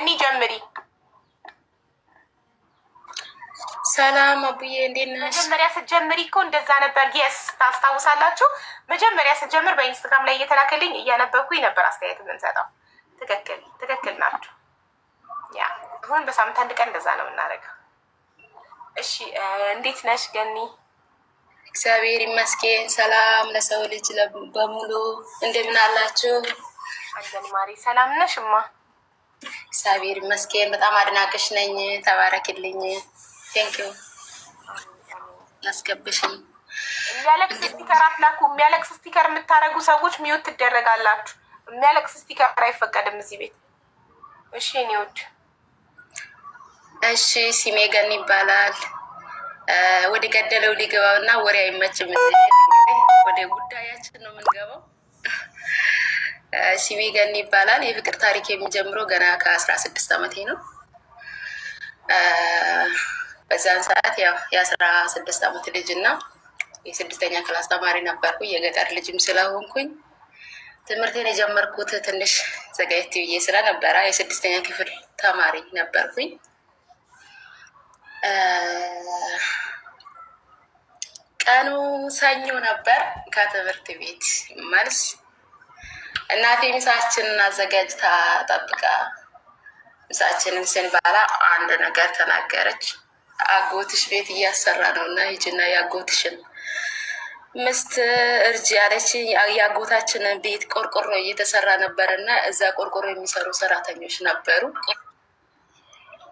ገኒ ጀምሪ። ሰላም አቡዬ እንዴት ነሽ? መጀመሪያ ስትጀምሪ እኮ እንደዛ ነበር። የስ ታስታውሳላችሁ? መጀመሪያ ስትጀምር በኢንስታግራም ላይ እየተላከልኝ እያነበብኩኝ ነበር አስተያየት የምንሰጠው። ትክክል ትክክል ናችሁ። ያ አሁን በሳምንት አንድ ቀን እንደዛ ነው የምናደርገው። እሺ እንዴት ነሽ ገኒ? እግዚአብሔር ይመስገን። ሰላም ለሰው ልጅ በሙሉ እንደምን አላችሁ? አለን ማሪ ሰላም ነሽ እግዚአብሔር ይመስገን። በጣም አድናቅሽ ነኝ። ተባረክልኝ። ዩ ያስገብሽም የሚያለቅስ ስቲከር አትላኩ። የሚያለቅስ ስቲከር የምታደርጉ ሰዎች ሚውት ትደረጋላችሁ። የሚያለቅስ ስቲከር አይፈቀድም እዚህ ቤት። እሺ እኔ እሺ። ሲሜ ገን ይባላል። ወደ ገደለው ሊገባው እና ወሬ አይመችም። ወደ ጉዳያችን ነው የምንገባው። ሲቢ ገን ይባላል። የፍቅር ታሪክ የሚጀምረው ገና ከአስራ ስድስት ዓመቴ ነው። በዛን ሰዓት ያው የአስራ ስድስት ዓመት ልጅ እና የስድስተኛ ክላስ ተማሪ ነበርኩ። የገጠር ልጅም ስለሆንኩኝ ትምህርቴን የጀመርኩት ትንሽ ዘጋየት ብዬ ስለነበረ የስድስተኛ ክፍል ተማሪ ነበርኩኝ። ቀኑ ሰኞ ነበር። ከትምህርት ቤት መልስ እናቴ ምሳችንን አዘጋጅታ ጠብቃ ምሳችንን ስንበላ አንድ ነገር ተናገረች። አጎትሽ ቤት እያሰራ ነው እና ሂጂና የአጎትሽን ምስት እርጅ ያለች የአጎታችን ቤት ቆርቆሮ እየተሰራ ነበር እና እዛ ቆርቆሮ የሚሰሩ ሰራተኞች ነበሩ።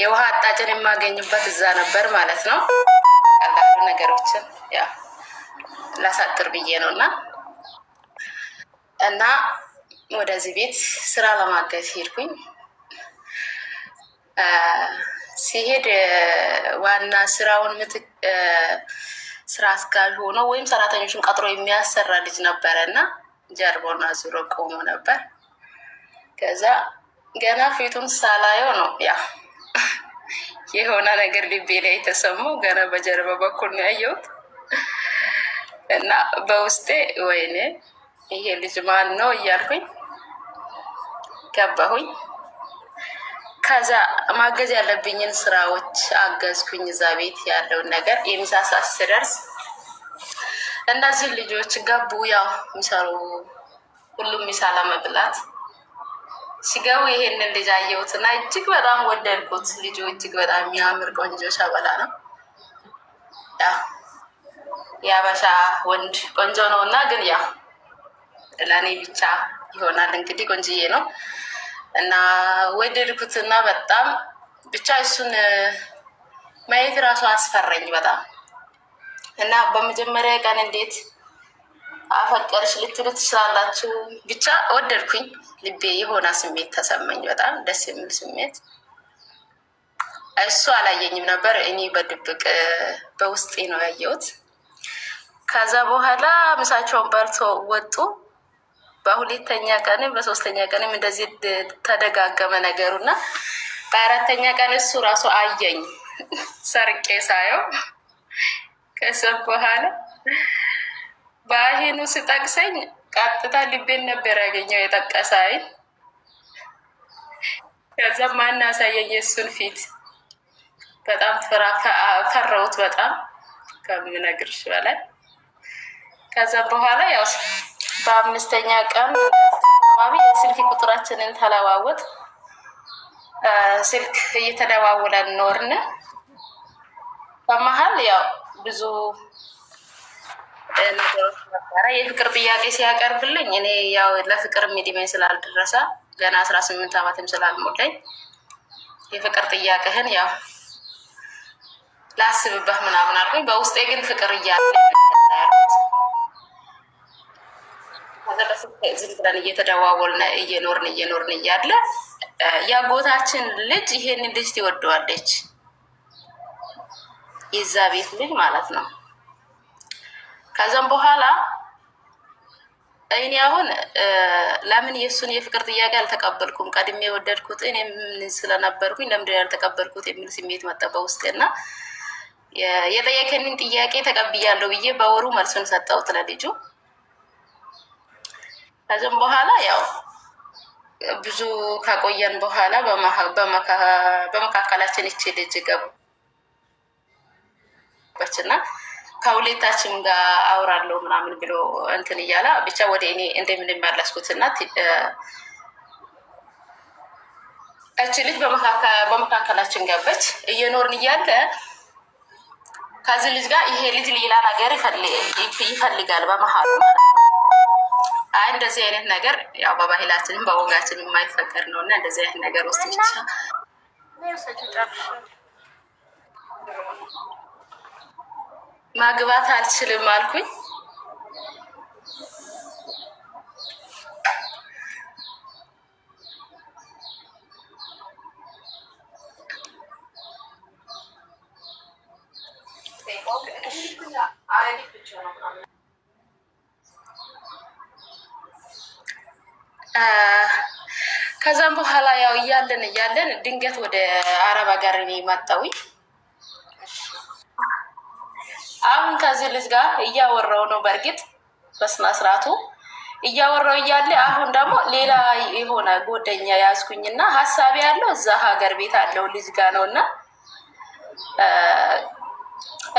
የውሃ አጣጭን የማገኝበት እዛ ነበር ማለት ነው። ቀላሉ ነገሮችን ላሳጥር ብዬ ነው እና እና ወደዚህ ቤት ስራ ለማገዝ ሄድኩኝ። ሲሄድ ዋና ስራውን ምት ስራ አስጋዥ ሆኖ ወይም ሰራተኞችን ቀጥሮ የሚያሰራ ልጅ ነበረ እና ጀርባውን አዙሮ ቆሞ ነበር። ከዛ ገና ፊቱን ሳላየው ነው ያ የሆነ ነገር ልቤ ላይ የተሰማው ገና በጀርባ በኩል ነው ያየሁት እና በውስጤ ወይኔ ይሄ ልጅ ማን ነው እያልኩኝ ገባሁኝ። ከዛ ማገዝ ያለብኝን ስራዎች አገዝኩኝ። እዛ ቤት ያለውን ነገር የምሳ ሰዓት ስደርስ እነዚህ ልጆች ገቡ። ያው የሚሰሩ ሁሉም ምሳ ለመብላት ሲገቡ ይሄንን ልጅ እና እጅግ በጣም ወደድኩት። ልጁ እጅግ በጣም የሚያምር ቆንጆ ሸበላ ነው። የአበሻ ወንድ ቆንጆ ነው እና ግን ያው ለእኔ ብቻ ይሆናል። እንግዲህ ቆንጅዬ ነው እና ወደድኩት እና በጣም ብቻ እሱን ማየት ራሱ አስፈረኝ በጣም እና በመጀመሪያ ቀን እንዴት አፈቀርሽ ልትሉ ትችላላችሁ። ብቻ ወደድኩኝ። ልቤ የሆነ ስሜት ተሰማኝ። በጣም ደስ የሚል ስሜት። እሱ አላየኝም ነበር፣ እኔ በድብቅ በውስጤ ነው ያየሁት። ከዛ በኋላ ምሳቸውን በልቶ ወጡ። በሁለተኛ ቀንም በሶስተኛ ቀንም እንደዚህ ተደጋገመ ነገሩ እና በአራተኛ ቀን እሱ ራሱ አየኝ ሰርቄ ሳየው ከሰብ በኋላ በአይኑ ስጠቅሰኝ ቀጥታ ልቤን ነበር ያገኘው የጠቀሰ አይን። ከዛም ማን አሳየኝ የእሱን ፊት በጣም ፈራሁት፣ በጣም ከምነግርሽ በላይ ከዛ በኋላ ያው በአምስተኛ ቀን አካባቢ የስልክ ቁጥራችንን ተለዋወጥ ስልክ እየተደዋውለን ኖርን። በመሀል ያው ብዙ ነገሮች ነበረ። የፍቅር ጥያቄ ሲያቀርብልኝ እኔ ያው ለፍቅር እድሜ ስላልደረሰ ገና አስራ ስምንት ዓመትም ስላልሞላኝ የፍቅር ጥያቄህን ያው ላስብበት ምናምን አልኩኝ። በውስጤ ግን ፍቅር እያለ ዝም ብለን እየተደዋወልን እየኖርን እየኖርን እያለ ያጎታችን ልጅ ይሄን ልጅ ትወደዋለች፣ የዛ ቤት ልጅ ማለት ነው። ከዛም በኋላ እኔ አሁን ለምን የእሱን የፍቅር ጥያቄ አልተቀበልኩም? ቀድሜ የወደድኩት እኔ ስለነበርኩኝ ለምንድን ያልተቀበልኩት የሚል ስሜት መጣ በውስጤና የጠየከንን ጥያቄ ተቀብያለሁ ብዬ በወሩ መልሱን ሰጠሁት ለልጁ። ከዚም በኋላ ያው ብዙ ካቆየን በኋላ በመካከላችን ይቺ ልጅ ገባች እና ከሁሌታችን ጋር አውራለሁ ምናምን ብሎ እንትን እያለ ብቻ ወደ እኔ እንደምንም እና እቺ ልጅ በመካከላችን ገበች እየኖርን እያለ ከዚህ ልጅ ጋር ይሄ ልጅ ሌላ ነገር ይፈልጋል በመሀሉ አይ እንደዚህ አይነት ነገር ያው በባህላችንም በወጋችንም የማይፈቀድ ነው እና እንደዚህ አይነት ነገር ውስጥ ብቻ ማግባት አልችልም አልኩኝ። ከዛም በኋላ ያው እያለን እያለን ድንገት ወደ አረብ ሀገር እኔ መጣሁኝ። አሁን ከዚህ ልጅ ጋር እያወራው ነው። በእርግጥ በስነ ስርዓቱ እያወራው እያለ አሁን ደግሞ ሌላ የሆነ ጎደኛ ያዝኩኝና ሀሳብ ያለው እዛ ሀገር ቤት አለው ልጅ ጋር ነው እና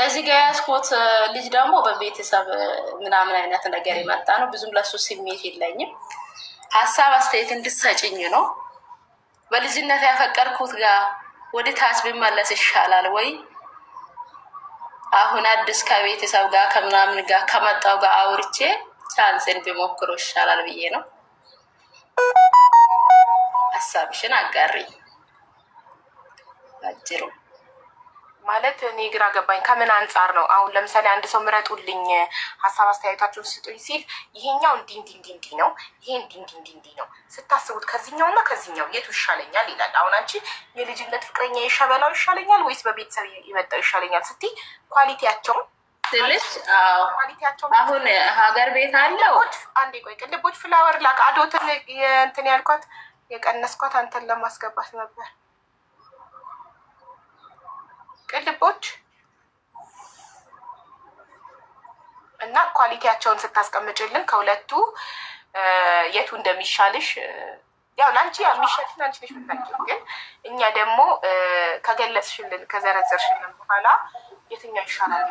እዚህ ጋር ያዝኩት ልጅ ደግሞ በቤተሰብ ምናምን አይነት ነገር የመጣ ነው። ብዙም ለሱ ስሜት የለኝም። ሀሳብ አስተያየት እንድሰጭኝ ነው። በልጅነት ያፈቀርኩት ጋር ወደ ታች ብመለስ ይሻላል ወይ? አሁን አዲስ ከቤተሰብ ጋር ከምናምን ጋር ከመጣው ጋር አውርቼ ቻንስን ቢሞክሮ ይሻላል ብዬ ነው። ሀሳብሽን አጋሪ አጅሩም ማለት እኔ ግራ ገባኝ። ከምን አንጻር ነው አሁን ለምሳሌ አንድ ሰው ምረጡልኝ፣ ሀሳብ አስተያየታችሁን ስጡኝ ሲል ይሄኛው እንዲህ እንዲህ እንዲህ እንዲህ ነው፣ ይሄ እንዲህ እንዲህ እንዲህ እንዲህ ነው ስታስቡት ከዚህኛው እና ከዚህኛው የቱ ይሻለኛል ይላል። አሁን አንቺ የልጅነት ፍቅረኛ የሸበላው ይሻለኛል ወይስ በቤተሰብ የመጣው ይሻለኛል ስትይ ኳሊቲያቸውን ትልሽ አሁን ሀገር ቤት አለው። አንዴ ቆይ ቅልቦች ፍላወር ላቅ አዶትን እንትን ያልኳት የቀነስኳት አንተን ለማስገባት ነበር። ቅልቦች እና ኳሊቲያቸውን ስታስቀምጭልን ከሁለቱ የቱ እንደሚሻልሽ ያው ለአንቺ የሚሻልሽ ለአንቺ ነሽ የምታውቂው። ግን እኛ ደግሞ ከገለጽሽልን ከዘረዘርሽልን በኋላ የትኛው ይሻላል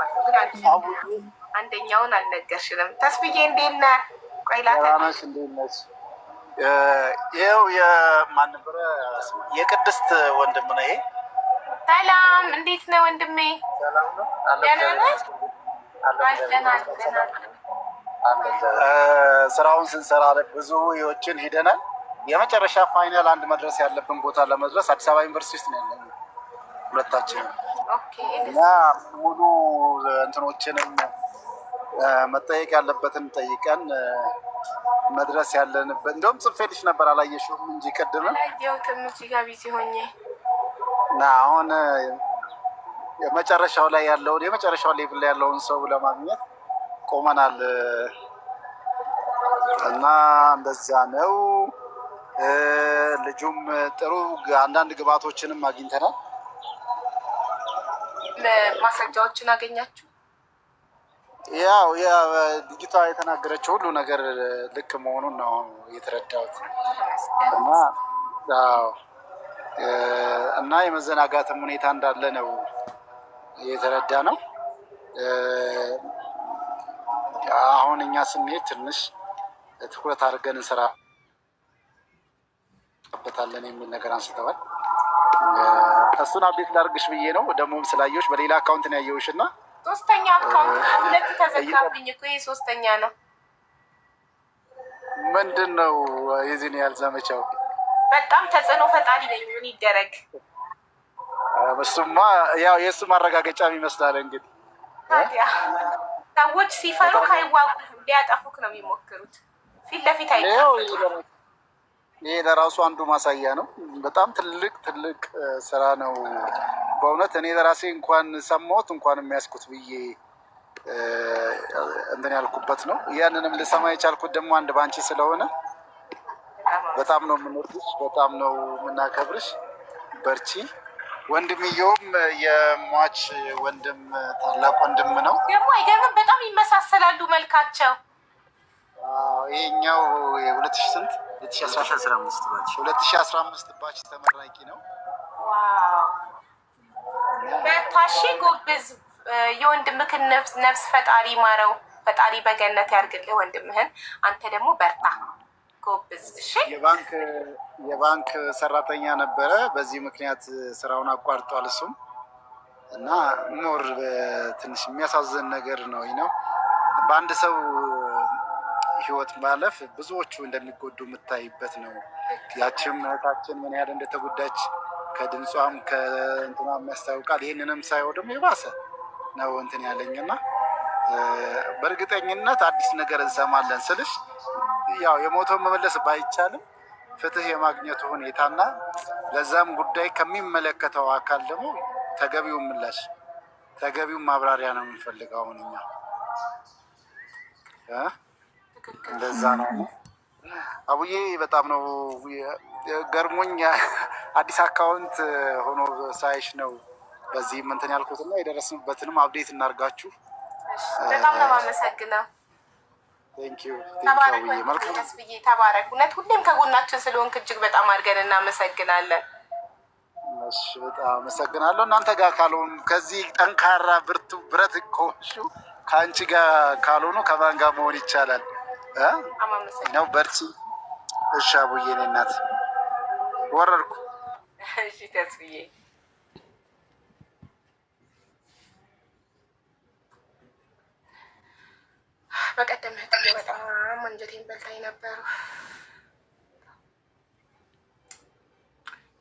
ማለት ነው። ግን አንደኛውን አልነገርሽንም። ተስብዬ እንዴት ነህ? ቆይላተ ይኸው የማንበረ የቅድስት ወንድም ነው። ይሄ ሰላም፣ እንዴት ነው ወንድሜ? ስራውን ስንሰራ ብዙ ዎችን ሄደናል። የመጨረሻ ፋይናል አንድ መድረስ ያለብን ቦታ ለመድረስ አዲስ አበባ ዩኒቨርሲቲ ውስጥ ነው ያለ ሁለታችንም እና ሙሉ እንትኖችንም መጠየቅ ያለበትን ጠይቀን መድረስ ያለንበት እንደውም ጽፌልሽ ነበር አላየሽውም እንጂ ቅድምም እና አሁን የመጨረሻው ላይ ያለውን የመጨረሻው ሌቭል ላይ ያለውን ሰው ለማግኘት ቆመናል እና እንደዚያ ነው። ልጁም ጥሩ አንዳንድ ግብአቶችንም አግኝተናል። ማስረጃዎችን አገኛችሁ? ያው ልጅቷ የተናገረች ሁሉ ነገር ልክ መሆኑን ነው የተረዳሁት እና እና የመዘናጋትም ሁኔታ እንዳለ ነው የተረዳ ነው። አሁን እኛ ስሜት ትንሽ ትኩረት አድርገን እንሰራበታለን የሚል ነገር አንስተዋል። እሱን አቤት ላድርግሽ ብዬ ነው። ደግሞም ስላየሁሽ በሌላ አካውንት ነው ያየሁሽ እና ሶስተኛ አካውንት ሁለት ተዘጋብኝ እኮ ይሄ ሶስተኛ ነው። ምንድን ነው የዚህን ያህል ዘመቻው? በጣም ተጽዕኖ ፈጣሪ ነኝ። ምን ይደረግ? እሱማ ያው የእሱ ማረጋገጫም ይመስላል እንግዲህ ሰዎች ሲፈሩ ከይዋጉ ሊያጠፉክ ነው የሚሞክሩት ፊት ለፊት አይ ይሄ ለራሱ አንዱ ማሳያ ነው። በጣም ትልቅ ትልቅ ስራ ነው። በእውነት እኔ ለራሴ እንኳን ሰማሁት እንኳን የሚያስኩት ብዬ እንትን ያልኩበት ነው። ያንንም ልሰማ የቻልኩት ደግሞ አንድ ባንቺ ስለሆነ በጣም ነው የምንወድሽ፣ በጣም ነው የምናከብርሽ። በርቺ። ወንድምየውም የሟች ወንድም ታላቅ ወንድም ነው ደግሞ አይገርምም? በጣም ይመሳሰላሉ መልካቸው። ይሄኛው የሁለት ሺህ ስንት 2015 ባች ተመራቂ ነው። በታሺ ጎብዝ የወንድምህን ነፍስ ፈጣሪ ማረው። ፈጣሪ በገነት ያርግልህ ወንድምህን። አንተ ደግሞ በርታ ጎብዝ። እሺ የባንክ ሰራተኛ ነበረ። በዚህ ምክንያት ስራውን አቋርጧል እሱም እና ሞር ትንሽ የሚያሳዝን ነገር ነው ነው በአንድ ሰው ህይወት ማለፍ ብዙዎቹ እንደሚጎዱ የምታይበት ነው። ያችም እህታችን ምን ያህል እንደተጎዳች ከድምጿም ከእንትኗም ያስታውቃል። ይህንንም ሳየው ደግሞ የባሰ ነው እንትን ያለኝ በእርግጠኝነት አዲስ ነገር እንሰማለን ስልሽ ያው የሞተውን መመለስ ባይቻልም ፍትህ የማግኘቱ ሁኔታና ለዛም ጉዳይ ከሚመለከተው አካል ደግሞ ተገቢው ምላሽ ተገቢው ማብራሪያ ነው የምንፈልገው አሁን እኛ እንደዛ ነው። አቡዬ በጣም ነው ገርሞኝ አዲስ አካውንት ሆኖ ሳይሽ ነው በዚህ እንትን ያልኩትና የደረስንበትንም አብዴት እናርጋችሁ። በጣም ነው አመሰግነው። ተባረክስብዬ ተባረክ። እውነት ሁሌም ከጎናችን ስለሆንክ እጅግ በጣም አድርገን እናመሰግናለን። በጣም አመሰግናለሁ። እናንተ ጋር ካልሆኑ ከዚህ ጠንካራ ብርቱ ብረት ከሆንሹ ከአንቺ ጋር ካልሆኑ ከማን ጋር መሆን ይቻላል? ነው። በርቺ እሺ። አቡዬ እኔ እናት ወረድኩ። እሺ ተስፍዬ በቀደም ህግ በጣም አንጀቴን በልታኝ ነበር።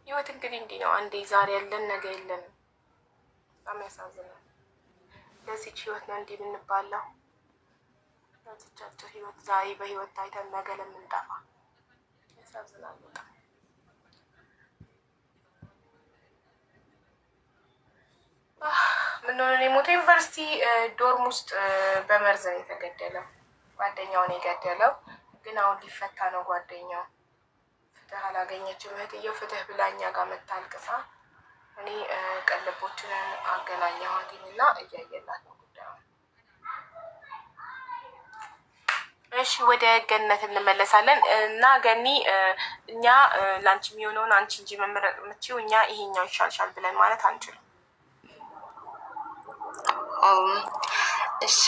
ህይወት እንግዲህ እንዲህ ነው። አንዴ ዛሬ ያለን ነገ የለን። በጣም ያሳዝናል። ለዚች ህይወት ነው እንዲህ የምንባለው። በዚቻቸው ህይወት ዛሬ በህይወት ታይተን ነገ ለምንጠፋ ያሳዝናል። በጣም የሞተ ዩኒቨርሲቲ ዶርም ውስጥ በመርዝ ነው የተገደለው። ጓደኛውን የገደለው ግን አሁን ሊፈታ ነው ጓደኛው። ፍትህ አላገኘችም እህትየው። ፍትህ ብላኛ ጋር መታልቅሳ እኔ ቀለቦችን አገናኘኋትኝ እና እያየላት ነው እሺ ወደ ገነት እንመለሳለን እና ገኒ እኛ ለአንቺ የሚሆነውን አንቺ እንጂ መምረጥ የምትችይው እኛ ይሄኛው ይሻልሻል ብለን ማለት አንችልም። እሺ